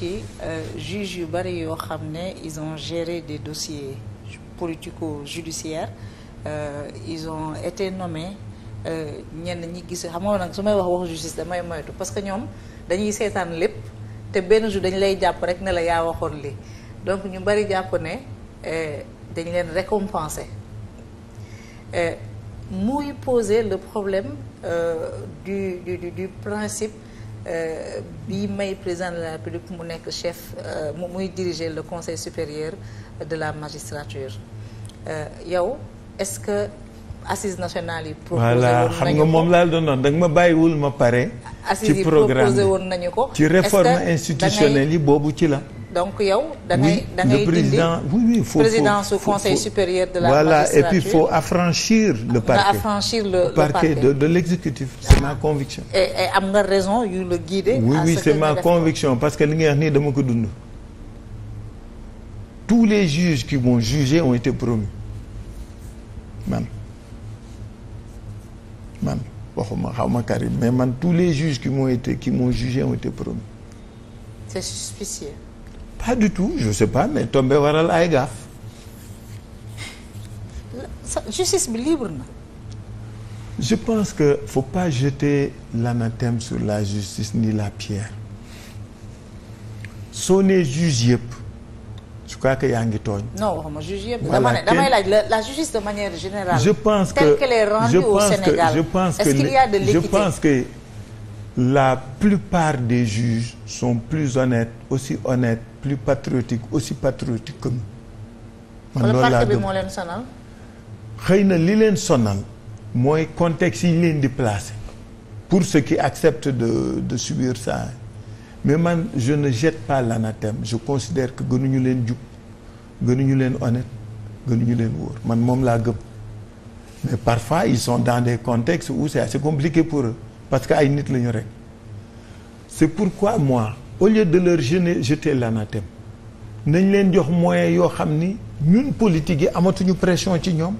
ci euh, juge yu bëri yoo xam ne ils ont géré des dossiers politico-judiciaires euh, ils ont été nommés euh, ñenn ñi gis xam nga nag su may wax wax justice damay moytu parce que ñoom dañuy seetaan lépp te benn jour dañu lay jàpp rek ne la yaa waxoon li donc ñu bëri jàpp ne euh, dañu leen récompenser muy poser le problème euh, du du du principe. Euh, bi may président de la République mu nekk chef euh, mu muy diriger le conseil supérieur de la magistrature euh, yow est-ce que assises nationale yi. proposé woon nañu ko xam nga moom laa doon doon da nga ma bàyyiwul ma pare. ci programme assises woon nañu ko. ci réforme institutionnelle yi boobu ci la. donc yow. da ngay da ngay dindi président supérieur de la voilà et puis il faut affranchir le parquet. le, le parquet de de l'exécutif c'est ma conviction. et et am ma conviction parce que li nga wax ni dama ko dund. tous les juges qui m'ont jugé ont été promus man man xaw ma Karim mais man tous les juges qui m'ont été qui m'ont jugé ont promus. pas du tout je sais pas mais tombé waral ay gaaf. justice bi libre na. je pense que faut pas jeter l'anathème sur la justice ni la pierre soo nee juge yëpp je crois que yaa ngi tooñ. non waxuma juge yëpp. dama ne la justice de manière générale. je pense que telle qu'elle est rendue au Sénégal. pense que je est-ce qu'il y a de l'équité? pense que la plupart des juges son plus honnêtes aussi honnêtes plus patriotiques aussi patriotiques que nous. man loolu laa gëm moo leen sonal. xëy na li leen sonal mooy contexte yi leen di place pour ceux qui acceptent de de subir ça mais man je ne jette pas l'anathème je considère que gënuñu leen jub gënuñu leen honnête gënuñu leen wóor man moom laa gëm mais parfois ils son dans des contextes où c'est assez compliqué pour parce que ay nit la ñu rek c'est pourquoi moi au lieu de leur jeûner jeter l'anathème nañ leen jox moyen yoo xam ni ñun politique yi amatuñu pression ci ñoom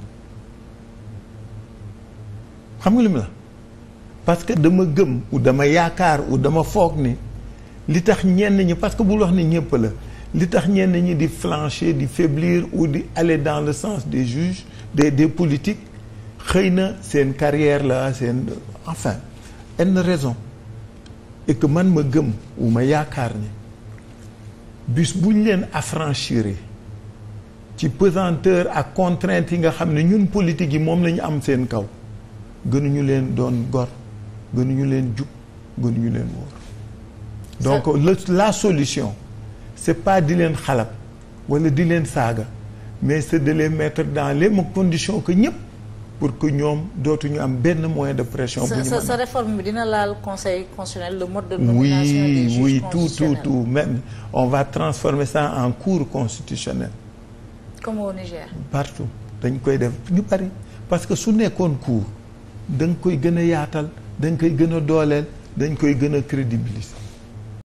xam nga lim la parce que dama gëm ou dama yaakaar ou dama foog ni li tax ñenn ñi parce que bul wax ni ñëpp la li tax ñenn ñi di flancher di faiblir ou di aller dans le sens des juges des des politiques xëy na seen carrière la seen enfin n raison et que man ma gëm wu ma yaakaar ni bis buñ leen affranchir ci pesanteur ak contrainte yi nga xam ne ñun politique yi moom la ñu am seen kaw gënuñu leen doon gor gënuñu leen jub gënuñu leen wóor donc le, la solution c'est pas di leen xalab wala di leen saaga mais c'est de les mettre dans les ma conditions que ñëpp pour que ñoom dootuñu am benn moyen de pression. bu ñu sa dina laal conseil constitutionnel le mode de nomination oui, des juges oui tout tout même on va transformer ça en cour constitutionnelle. comme au partout dañ koy def ñu bari parce que su nekkoon cour da nga koy gën a yaatal da koy gën a dooleel dañ koy gën a crédibiliser.